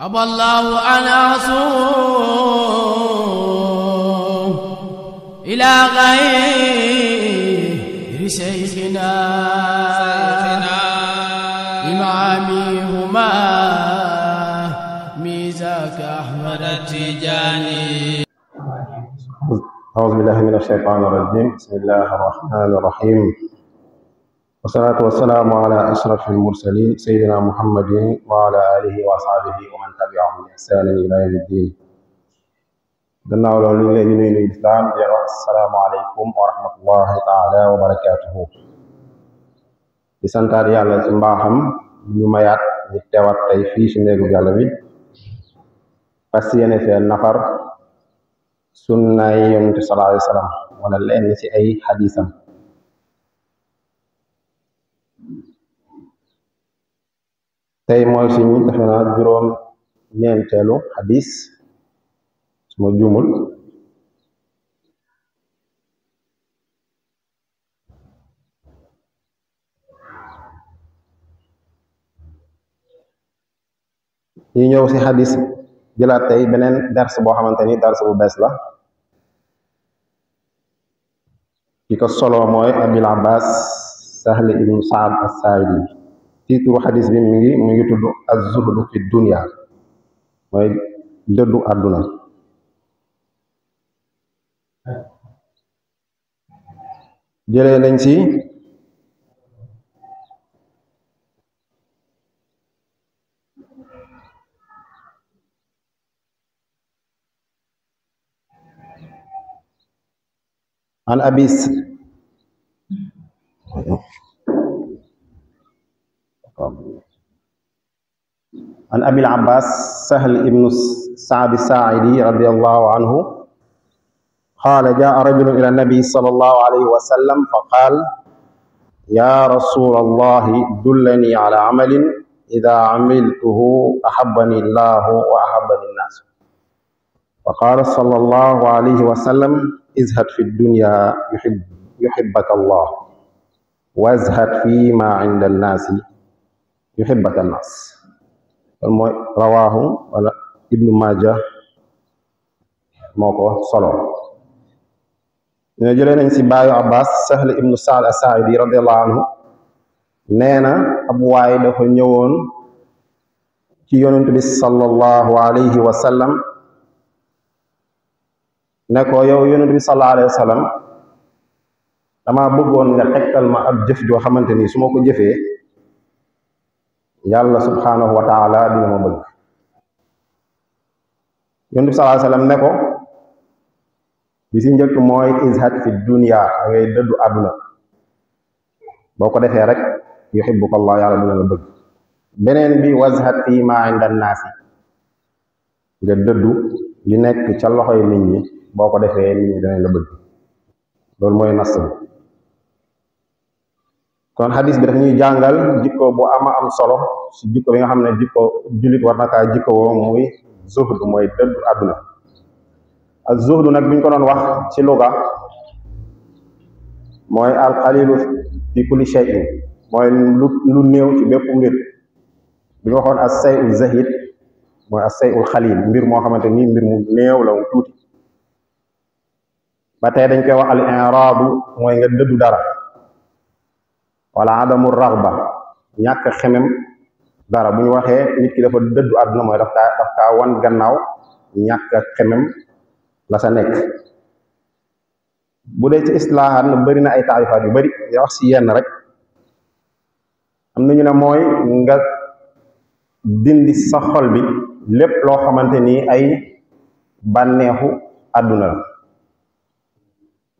أبى الله أن أصوم إلى غير شيخنا إمامهما ميزاك أحمد التجاني أعوذ بالله من الشيطان الرجيم بسم الله الرحمن الرحيم والصلاة والسلام على أشرف المرسلين سيدنا محمد وعلى آله وأصحابه وإحسان إلى يوم الدين. قلنا ولولا نين الإسلام السلام عليكم ورحمة الله تعالى وبركاته. بسنت الله سبحانهم نميات نتوات تيفي شنيعو جالبي. بس ينفي النفر سنة يوم صلى الله عليه وسلم ولا لأن في أي حديثا. تيموا سيمين تفنى جروم ñentelu xadis suma jumul ñi ñew si hadis jëla tay benen dars bo xamanteni dars bu bes la kiko solo moy abul abbas sahl ibn saad as saidi titru hadis bi mi ngi mi ngi tuddu az zuhd fi dunya mooy deddu aduna jere nañ ci an abis Thank you. عن أبي العباس سهل بن سعد الساعدي رضي الله عنه قال جاء رجل إلى النبي صلى الله عليه وسلم فقال يا رسول الله دلني على عمل إذا عملته أحبني الله وأحبني الناس فقال صلى الله عليه وسلم ازهد في الدنيا يحب يحبك الله وازهد فيما عند الناس يحبك الناس kon mooy rawaahu ibnu maaja moo ko solo ñoo jëlee nañ si baayu abbas sahl ibnu saad asaidi radiallahu anhu nee na ab waay dafa ñëwoon ci yonent bi sallallahu alayhi wa sallam ne ko yow yonent bi sallallahu alayhi wa sallam dama bëggoon nga tegtal ma ab jëf joo xamante ni su ma ko jëfee yàlla subhaanahu wa taala dina ma bëgg yonent bi sallallahu alayhi wasallam ne njëkk mooy izhad fi dunya da dëddu àdduna boo ko defee rek yuhibbuka allah yàlla dina la bëgg beneen bi wazhad fi ma inda naasi nga dëddu li nekk ca loxoy nit ñi boo ko defee nit ñi danañ la bëgg loolu mooy nas kon xadis bi daf ñuy jàngal jikko bu ama am solo si jikko nga xam ne jikko jullit war na kaa jikko woo muy zuhdu mooy dëddu àdduna ak zuhdu nag buñ ko doon wax ci luga mooy alxalilu fi kulli shay'in mooy lu lu néew ci bépp mbir bi ñu waxoon as sayu zahid mooy as sayul xalil mbir moo xamante ni mbir mu néew la mu tuuti ba tey dañ koy wax al inraadu nga dëddu dara wala adamu raxba ñàkk xemem dara bu ñu waxee nit ki dafa dëddu àdduna mooy daf kaa wan gannaaw ñàkk xemem la sa nekk bu dee ci islaahan bari na ay taarifaat yu bari di wax si yenn rek am ñu ne mooy nga dindi sa xol bi lépp loo xamante ni ay bànneexu àdduna la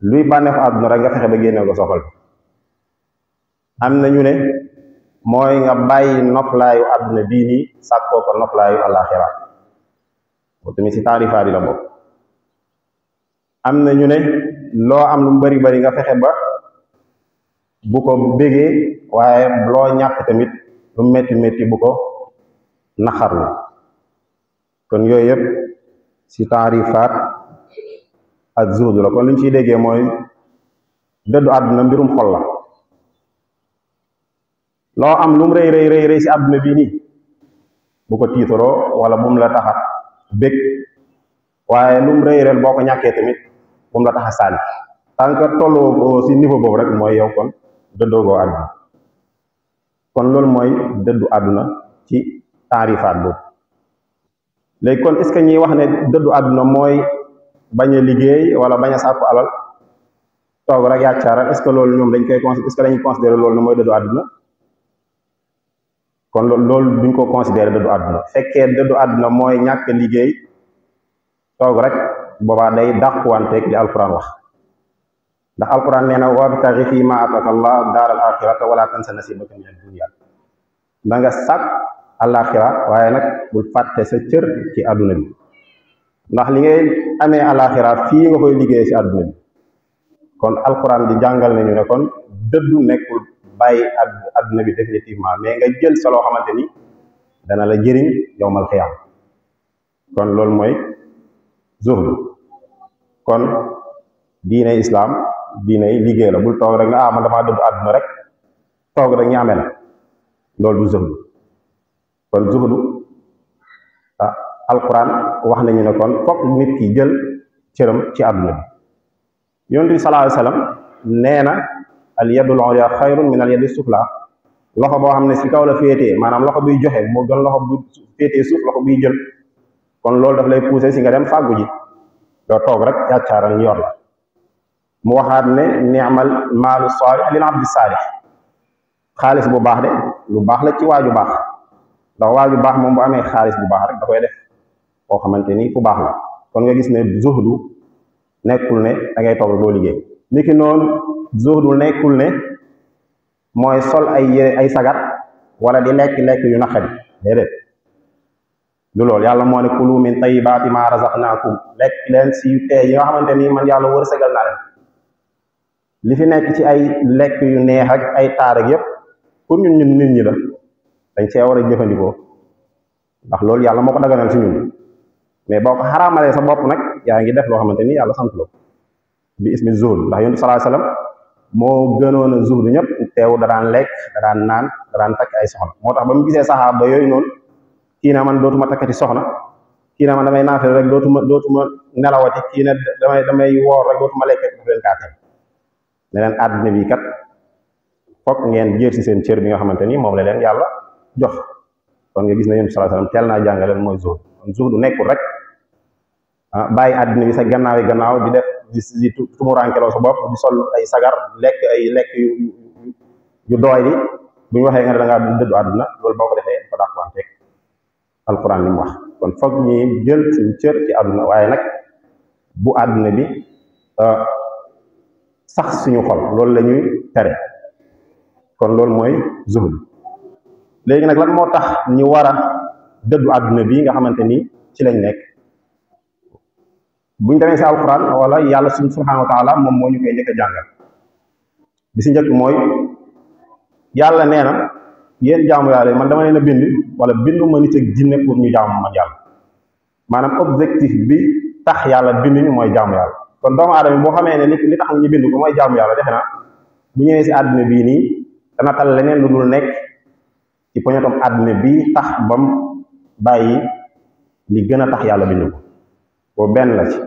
luy bànneexu àdduna rek nga fexe ba génne ko sa xol am na ñu ne mooy nga bàyyi noflaayu àdduna bii nii sàkkoo ko noflaayu alaxira boo tamit si taarifaat yi la bokk am na ñu ne loo am lu bari bari nga fexe ba bu ko bégee waaye loo ñàkk tamit lu metti metti bu ko naxarlu kon yooyu yëpp si taarifaat ak zuhdu la kon li ñu ciy déggee mooy dëddu àdduna mbirum xol la loo am lu mu rëy rëy rëy rëy si àdduna bi nii bu ko tiitaroo wala bu la taxa bég waaye lu mu rëy rëy boo ko ñàkkee tamit bu mu la taxa saali tant que si niveau boobu rek mooy yow kon dëddoogoo àdduna kon loolu mooy dëddu àdduna ci taarifaat boobu léegi kon est que ñuy wax ne dëddu àdduna mooy bañ a liggéey wala bañ a sàkku alal toog rek yàccaaral est-ce que loolu ñoom dañ koy est que dañuy considérer loolu ne mooy dëddu àdduna kon lool buñ ko considéré dëddu àdduna fekkee dëddu aduna moy ñak liggéey toog rek boba day ak di alquran wax ndax alquran nee wa wabtaxi fi ma ataka allah dar al akhirata wala tansa nasibaka min dunya da nga al akhirah waye nak bul fàtte sa cër ci aduna bi ndax li ngay al akhirah fi nga koy liggéey ci aduna bi kon alquran di jangal nañu ne kon deddu nekul bay ad aduna bi definitivement mais nga jël sa lo xamanteni dana la jëriñ yowmal qiyam kon lool moy zuhd kon diine islam diine liggéey la bu tok rek nga ah man damaa dëbb àdduna rek tok rek ñamé la lool du zuhd kon zuhd ah, alquran wax nañu ne kon fokk nit ki jël cëram ci aduna bi sallallahu alayhi wasallam nee al yadul ulya khairun min al yadi sufla loxo bo xamne ci kaw la fete manam loxo bi joxe mo gën loxo bu fete suf loxo bi jël kon lool daf lay pousser ci nga dem fagu ji do tok rek ya ñu yor la mu waxat ne ni'mal mal salih lil abd salih khalis bu bax de lu bax la ci waju bax da waju bax mom bu amé khalis bu bax rek da koy def ko xamanteni ni fu baax la kon nga gis ne zuhdu nekul ne da ngay tok doo liggéey niki noonu zuhdu nekkul ne mooy sol ay yére ay sagar wala di lekk lekk yu naqari déedéet du loolu yàlla moo ne kulu min tayyibaati maa razaqnaakum lekk leen si yu yi nga xamante ni man yàlla wërsëgal naa leen li fi nekk ci ay lekk yu neex ak ay taar ak yépp pour ñun ñun nit ñi la dañ cee a jëfandikoo ndax loolu yàlla moo ko daganal si ñun mais boo ko xaraamalee sa bopp nag yaa ngi def loo xamante ni yàlla sant loo bi ismi zuhud ndax yonent sallallahu alayhi wasallam moo gënoon a zuhud ñëpp teew daraan lekk daraan naan daraan takk ay soxna moo tax ba mu gisee saxaaba yooyu noonu kii na man dootuma takkati soxna kii na man damay naafee rek dootuma dootuma nelawati kii na damay damay woor rek dootuma lekkati daf leen kàttan ne leen àdduna bi kat fokk ngeen jéer si seen cër bi nga xamante ni moom la leen yàlla jox kon nga gis na yonent sallallahu alayhi wasallam teel naa jàngaleen mooy zuhud kon zuhud du nekkul rek ah bàyyi àdduna bi gannaaw yi gannaaw di def di di tumuraankeloo sa di sol ay sagar lek ay lek yu yu dooy di bu ñu waxee nga ne da ngaa dëddu àdduna loolu alquran kon foog ñi jël suñu cër ci bu àdduna bi sax suñu xol loolu la kon loolu moy zuhud léegi nag lan moo ñu war a dëddu bi nga ci lañ buñu démé demee alquran wala yalla subhanahu wa taala mom moñu koy ñëk jàngal bi ci ñëk moy yalla néna yeen jaamu yalla man dama leena bind wala bindu ma nit ak jinné pour ñu jaamu ma yàlla manam objectif bi tax yalla bind ñu moy jaamu yalla kon doom adam bo xamé né nit li tax ñu bind ko mooy jaamu yalla def na bu ñëwé ci aduna bi ni dana tal leneen lu dul nekk ci poñatom aduna bi tax bam bayyi li gëna tax yalla bindu ko boobu benn la ci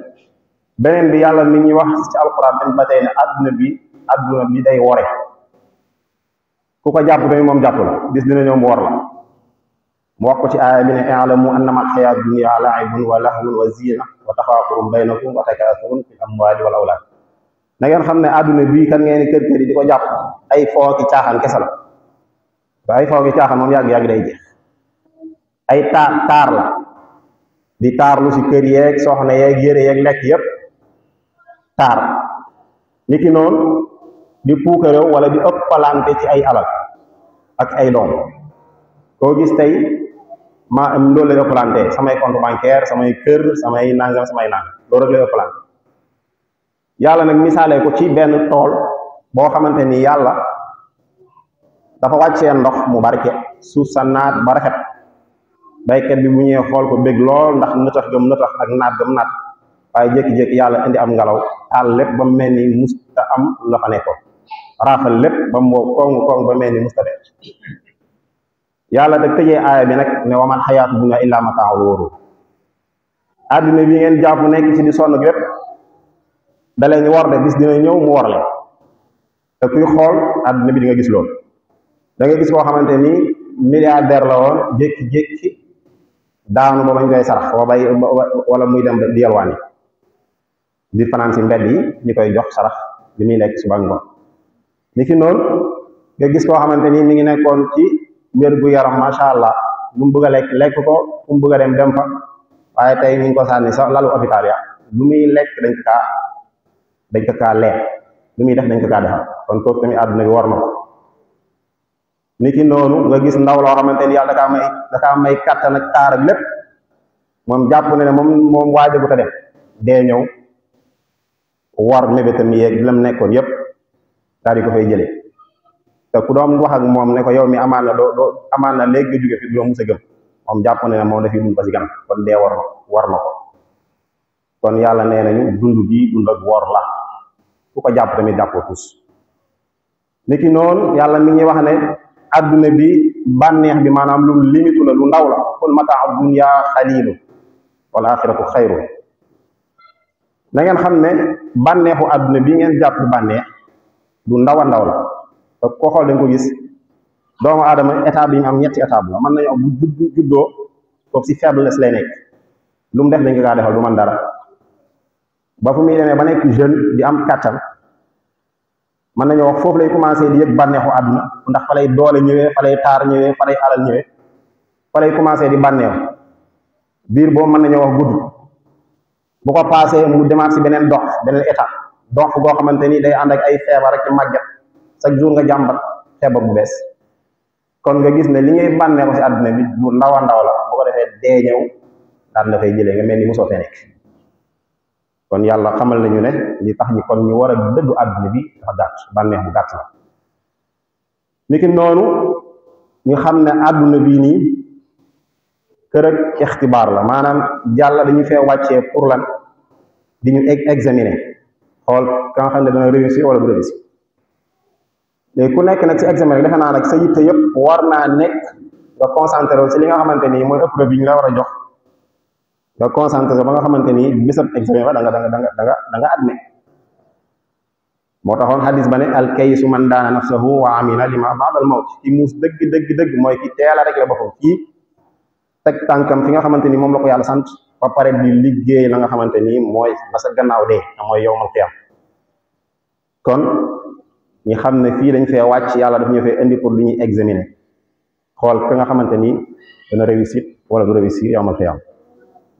beneen bi yàlla mi ñuy wax ci alxuraan ba tey ne àdduna bi àdduna bi day wore ku ko jàpp tamit moom jàpp la bis dina ñëw mu war la mu wax ko ci aaya bi ne i'lamu annama alxayaat dunia laibun wa lahwun wa zina wa xam ne àdduna bii kan ngeen kër kër di ko jàpp ay fooki caaxaan kese la ay fooki caaxaan moom yàgg-yàgg day jeex ay taar taar la di taarlu ci kër yeeg soxna yeeg yére yeeg lekk yépp taar niki noonu di puukarew wala di ëpp palante ci ay alal ak ay doom koo gis tey maa am loolu lay ëppalante samay compte bancaire samay kër samay nangam samay nangam loolu rek lay ëppalante yàlla nag misaalee ko ci benn tool boo xamante ni yàlla dafa wàccee ndox mu barke suuf sa naat ba rafet baykat bi bu ñëwee xool ko bëgg lool ndax nëtax gëm nëtax ak naat gëm naat waaye jékki-jékki yàlla indi am ngelaw taal lépp ba mu mel ni musta am la fa nekkoon raafal lépp ba mu wow koŋŋ ba mel ni musta dee yàlla da tëjee aaya bi nag ne wa man xayaatu dunya illaa mataaul wóorul àddina bi ngeen jàpp nekk ci di sonn lépp da leen war de bis dina ñëw mu war la te kuy xool àddina bi di nga gis loolu da gis koo xamante ni milliardaire daanu ba bañ koy sarax wa bay wala muy dem di yalwani di fanaan ci mbeddi ni koy jox sarax li muy lekk suba ngoon ni ki noonu nga gis ko xamanteni mi ngi nekkon ci mer bu yaram sha allah lu mu bëgg lek lek ko fu mu bëgg dem dem fa waye tay ko sanni sax lalu hôpital ya lu mi lek dañ ko kaa dañ ko kaa lekk lu mi def dañ ko defal kon ko tammi aduna bi war ni noonu nga gis ndaw loo xamante ni yàlla dakaa may dakaa may kattan ak taar lépp moom jàpp na ne moom moom waajagut a dem dee ñëw war mébétam yeeg lam nekkoon yépp daal di fay jëlee te ku doon wax moom ne ko mi amaan na doo doo amaan na léegi nga jóge moom jàpp na ne moom dafiy dund ba si gan kon dee war na ko kon yàlla nee nañu dund bii dund ak wor la ku ko jàpp tamit jàppoo tus niki noonu yàlla mi ngi ne adduna bi bànneex bi maanaam lu limitu la lu ndaw la qul mataa dunya xaliilu wal axiratu xayru da ngeen xam ne bànneexu adduna bi ngeen jàpp bànneex du ndaw a ndaw la te xool dañ ko gis doomu aadama état bi am ñett état bu la mën nañu bu juddoo kooku si faiblesse lay nekk lu mu def dañ ko kaa defal du man dara ba fu muy demee ba nekk jeune di am kàttan mën nañoo wax foofu lay commencé di yëg bànneexu àdduna ndax fa lay doole ñëwee fa lay taar ñëwee fa lay alal ñëwee fa lay commencé di bànneew biir boobu mën nañoo wax gudd bu ko passé mu demaat si beneen dox beneen état dox goo xamante ni day ànd ak ay feebar ak màgget chaque jour nga jàmbat feebar bu bees kon nga gis ne li ngay bànneexu si àdduna bi bu ndawa a ndaw la bu ko defee dee ñëw daal na fay jëlee nga mel ni mosoo fee nekk kon yàlla xamal nañu ne li tax ñi kon ñu war a dëddu àdduna bi dafa gàtt bànneex bu gàtt la niki noonu ñu xam ne àdduna bii nii kër ak ixtibaar la maanaam jàlla dañu fee wàccee pour lan di ñu examiner xool ka nga xam ne dana réussir wala du réussir ku nekk nag si examen bi naa nag sa yitte yëpp war naa nekk nga concentré wu si li nga xamante nii mooy épreuve yi ñu la war a jox da concentré ba nga xamanteni bisab examen ba da nga da nga da nga da nga admet al kaysu man dana nafsuhu wa amila lima baad al mawt ki mus deug deug deug moy ki téla rek la boppam ki tek tankam fi nga xamanteni mom la ko yalla sante ba paré di liggéey la nga xamanteni moy ba sa gannaaw dé moy yowmal kon ñi xamné fi dañ fay wacc yalla daf ñu fay indi pour li ñi examiner xol fi nga xamanteni dana réussir wala du réussir yowmal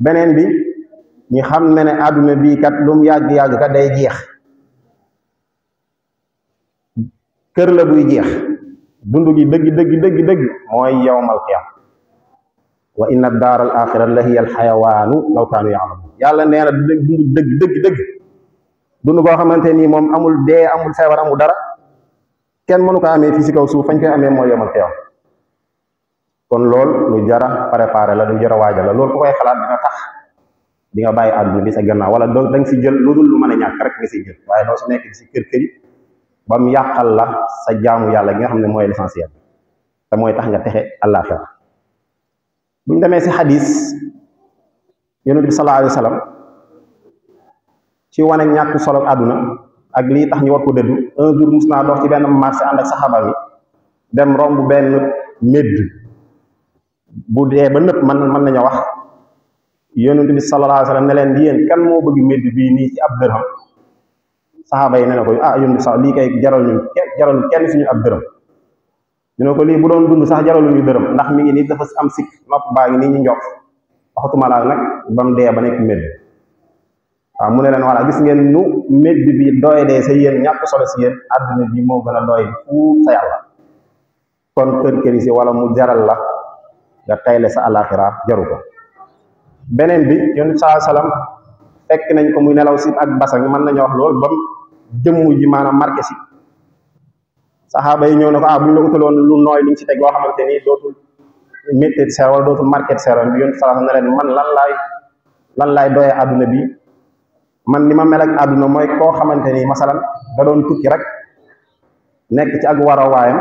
beneen bi ñu xam ne ne àdduna bii kat lu mu yàgg-yàgg kat day jeex kër la buy jeex dund gi dëgg dëgg dëgg mooy yawmal qiyaam wa inna daara al la hiya al xayawaanu law kaanu yàlla nee na dund dëgg dëgg dëgg dund koo xamante nii moom amul dee amul feebar amul dara kenn mënu ko amee fii si kaw suuf fañ koy amee mooy yawmal qiyaam kon lol lu jara préparer la lu jara wajal la lol ko koy xalat dina tax di nga baye àdduna bi sa ganna wala doo dang ci jël lu dul lu meuna ñak rek nga ci jël waye do su nekk ci si kër kër yi ba mu la sa jaamu yalla gi nga xamne moy essentiel ta moy tax nga texe àllaaxira buñ démé si hadith yunus bi sallallahu alayhi wasallam ci wone ñak solo aduna ak li tax ñu war ko dëddu un jour musna dox ci ben marché and ak sahaba bi dem rombu ben medd bu dee ba nëpp man mën nañoo wax yonent bi sallallahu alayhi wa leen di yéen kan moo bëgg médd bii nii ci ab dërëm saxaaba yi ne na ko ah yonent bi sax lii kay ñu ab dërëm ñu ne ko lii bu doon dund sax jaraluñu dërëm ndax mi ngi nii dafa am sikk nopp baa ngi nii ñu njox a laa nag ba mu dee ba nekk médd waaw mu ne leen voilà gis ngeen nu médd bi doy dee sa yéen ñàkk solo si yéen àdduna bi moo gën a doy fu sa yàlla kon kër kër si wala mu jaral la da tayle sa alakhirah jaru ko benen bi yonent sa salam fekk nañ ko muy nelaw si ak basang man nañ wax lol bam demu ji manam marke si sahaba yi ñew na ko ah buñ la utaloon lu noy ci tek go xamanteni ni metti sa wala dotul market bi yunus saa salaam ne man lan lay lan lay doye aduna bi man lima ma mel ak aduna moy ko xamanteni masalan da doon tukki rek nek ci ak wayam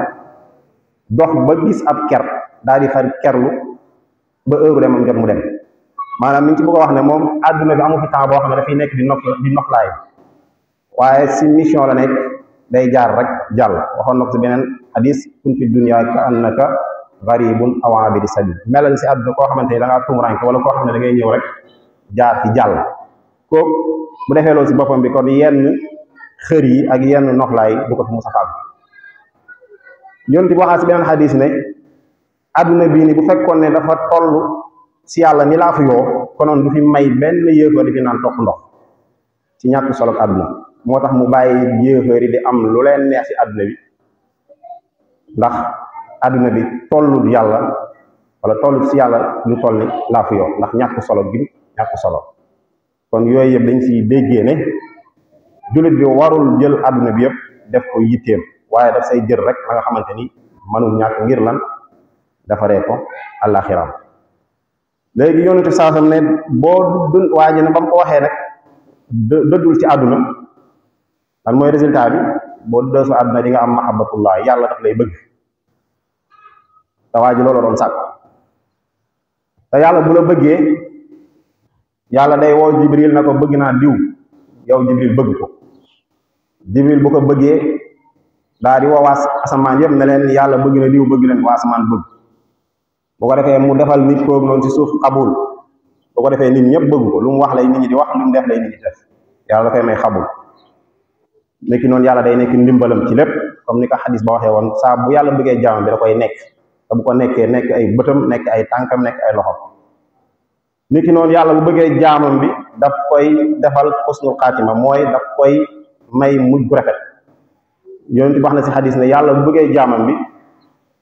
dox ba gis ab kerr dari di kerlu ba heure dem ngam mu dem manam ni ci bëgg wax ne mom aduna bi amu fi temps boo xam ne dafay nekk di nok di lay waye si mission la nekk day jaar rek jall waxon nok ci benen hadith hadis kun fi dunya ka annaka gharibun aw abid sabil melal ci aduna ko xamante da nga tum rank wala ko xamne da ngay ñew rek jaar ci jall ko bu defé lo ci bopam bi kon yenn xër yi ak yenn lay du ko fu musafa xam yonent bi waxaa si ne aduna bi ni bu fekkone dafa tollu si yalla ni la fu yo konon du fi may ben yéefar di nan tok ndox ci ñak solo aduna motax mu baye yéefar di am lu leen neex ci aduna bi ndax aduna bi tollu yalla wala tollu si yalla lu tolli la laa fu yoo ndax ñak solo gi ñak solo kon yoy yeb dañ ci déggee ne julit bi warul jël aduna bi yeb def ko yitteem waye daf say jël rek la nga xamanteni manu ñak ngir lan defare ko àllaaxiram léegi yonent bi saasam ne bo dund waji na bam ko waxe nak dëddul ci aduna lan moy resultat bi bo dëddoo su àdduna di nga am mahabbatullah yalla daf lay beug te waji lolo don sak sàkk yalla bu la bëggee yalla day wo jibril nako beug na diw yow jibril beug ko jibril bu ko bëggee daa di woo waa asamaan ne len yalla beug na diw beug len waa asamaan boo ko defee mu defal nit kooku noonu ci suuf xabul boo ko defee nit ñëpp bëgg ko lu mu wax lay nit ñi di wax lu mu def lay nit ñi def yàlla da may xabul nekki noonu yàlla day nekk ndimbalam ci lépp comme ni ko xadis ba waxee woon saa bu yàlla bëggee jaamam bi koy nekk bu ko nekkee nekk ay bëtam nekk ay tànkam nekk ay loxom noonu yàlla bu bëggee jaamam bi daf koy defal xusnul xaatima mooy daf koy may mujj bu rafet yonent bi wax na si xadis ne yàlla bu bëggee jaamam bi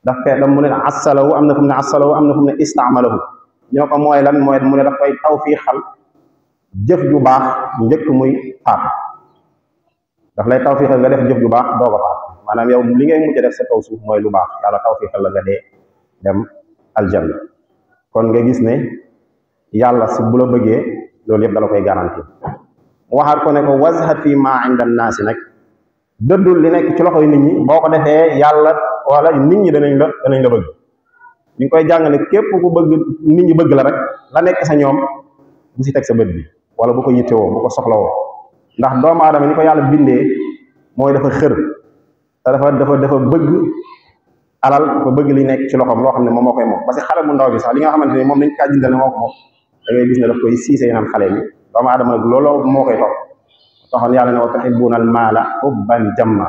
daf koy dam mu ne assalahu am na fu mu ne assalahu am na fu mu ne istaamalahu ñoo ko mooy lan mooy mun ne daf koy taw fii xal jëf ju baax njëkk muy faat daf lay taw fii xal nga def jëf ju baax doog a faat maanaam yow li ngay mujj def sa kaw suuf mooy lu baax yàlla taw fii xal la nga dee dem aljanna kon nga gis ne yàlla si bu la bëggee loolu yëpp dala koy garanti waxaat ko ne ko wazhat fii maa nag dëddul li nekk ci loxo yi nit ñi boo ko defee yàlla wala nit ñi danañ la danañ la bëgg ñu ngi koy jàngale képp ku bëgg nit ñi bëgg la rek la nekk sa ñoom bu si teg sa bët bi wala bu ko yittewoo bu ko soxlawoo ndax doomu aadama ni ko yàlla bindee mooy dafa xër te dafa dafa dafa bëgg alal dafa bëgg li nekk ci loxoom loo xam ne moom moo koy moom parce xale bu ndaw bi sax li nga xamante ne moom dañ kaa moo koy siisee xale bi doomu moo koy topp waxoon yàlla ne wa tuhibbuuna al maala hubban jamma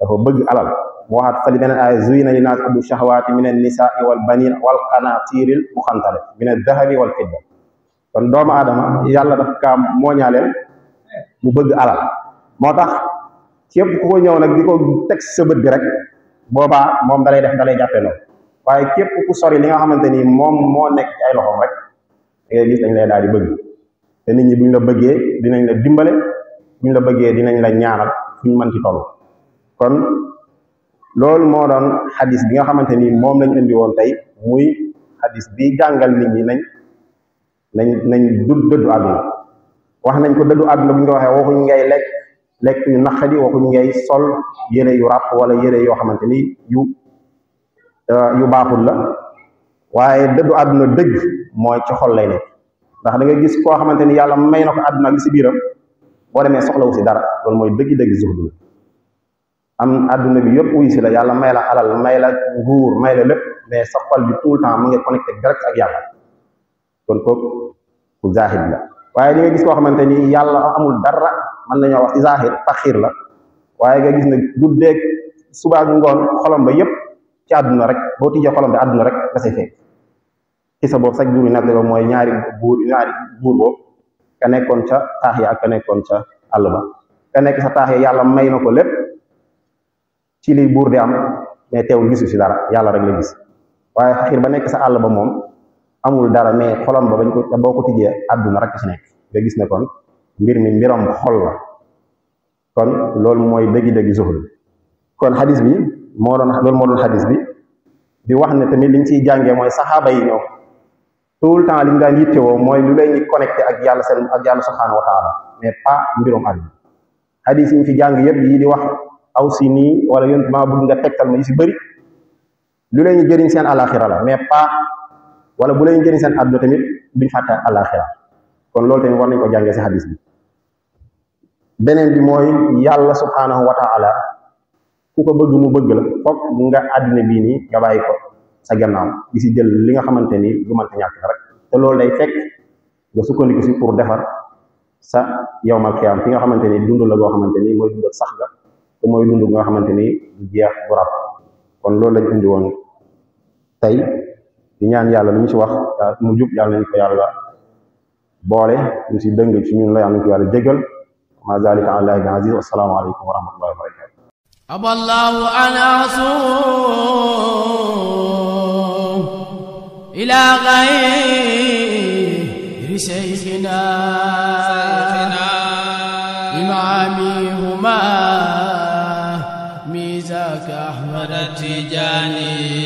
dafa bëgg alal waxaat fa li beneen aaya zuyyina li naas hubbu shahawaati min an nisaai wal baniina wal qanaatiiril muxantalati min ad dahabi wal fidda kon doomu aadama yàlla daf kaa mooñaaleel mu bëgg alal moo tax képp ku ñëw nag di ko teg sa bët bi rek boobaa moom dalay def dalay jàppee noonu waaye képp ku sori li nga xamante ni moom moo nekk ci ay loxoom rek da ngay gis dañ lay daal di bëgg te nit ñi buñ la bëggee dinañ la dimbale buñ la bëggee dinañ la ñaanal fuñ mën ci toll kon loolu moo doon xadis bi nga xamante ni moom lañ indi woon tey muy xadis bi jàngal nit ñi nañ nañ nañ du dëddu àdduna wax nañ ko dëddu àdduna bu ñu ko waxee waxuñ ngay lekk lekk yu naqadi waxuñ ngay sol yére yu ràpp wala yére yoo xamante ni yu euh, yu baaxul la waaye dëddu àdduna dëgg mooy ci xol lay nekk ndax da nga gis koo xamante ni yàlla may na ko àdduna ak li si biiram boo demee soxlawu si dara loolu mooy dëgg-dëgg zuhdu àdduna bi yëpp si la yàlla may la alal may la may la lépp mais sa bi tout le temps mu ngi connecté direct ak yàlla kon kooku ku zaahid la waaye di nga xamante ni yàlla amul dara mën nañoo wax zaahid la waaye nga gis ne suba ak ngoon xolam ba yëpp ci àdduna rek boo tijjee xolam bi àdduna rek nga say xisa boobu sax jur yi nag la mooy ñaari konca ñaari bur konca ka nekkon ca tahya ak ka nekkoon ca àll ba ka nekk sa tahya yalla may nako lepp ci li bur di am tewul gisu ci dara yalla rek la gis waye ba nekk sa ba amul dara mais xolam ba bañ ya ko boo boko tije ya, aduna rek ci nekk da gis ne kon mbir mi mbiram xol la kon lol moy begi dëggi zuhur kon hadith bi mo moron lol mo doon hadith bi di wax ne tamit liñ ci jàngee mooy sahaba yi ñoo tout le temps li nga daan yittewoo moy lu lay ni connecté ak yalla seen ak yalla subhanahu wa taala mais pas mbirum ali hadis yi fi jang yeb yi di wax aw si wala yéen ma bu nga tegtal ma ci bari lu lay ni jeriñ sen alakhirah, la mais pas wala bu ni jeriñ sen addu tamit duñ fatta alakhirah kon loolu tamit war nañ ko jangé ci hadis bi benen bi moy yalla ya subhanahu wa taala ku ko bëgg mu bëgg la foog nga àdduna bi ni nga bayiko sa gannaaw di ci jël li nga xamanteni lu man ñàkk la rek te lool day fekk nga sukkandiku ci pour défar sa yow qiyam fi nga xamanteni ni la go xamanteni moy mooy sax ga te mooy nga xamanteni ni du jeex bu rap kon lool lañ indi won tay di ñaan yalla lu ci wax mu jup yalla ñu ko yalla boole ñu ci dëng ci ñun la yalla ñu ko yàlla ma zalika alallahi bi aziz salaamu alaykum wa rahmatullahi wa barakatuh aballahu ala إلى غير سيدنا إمامهما ميزاك أحمد التجاني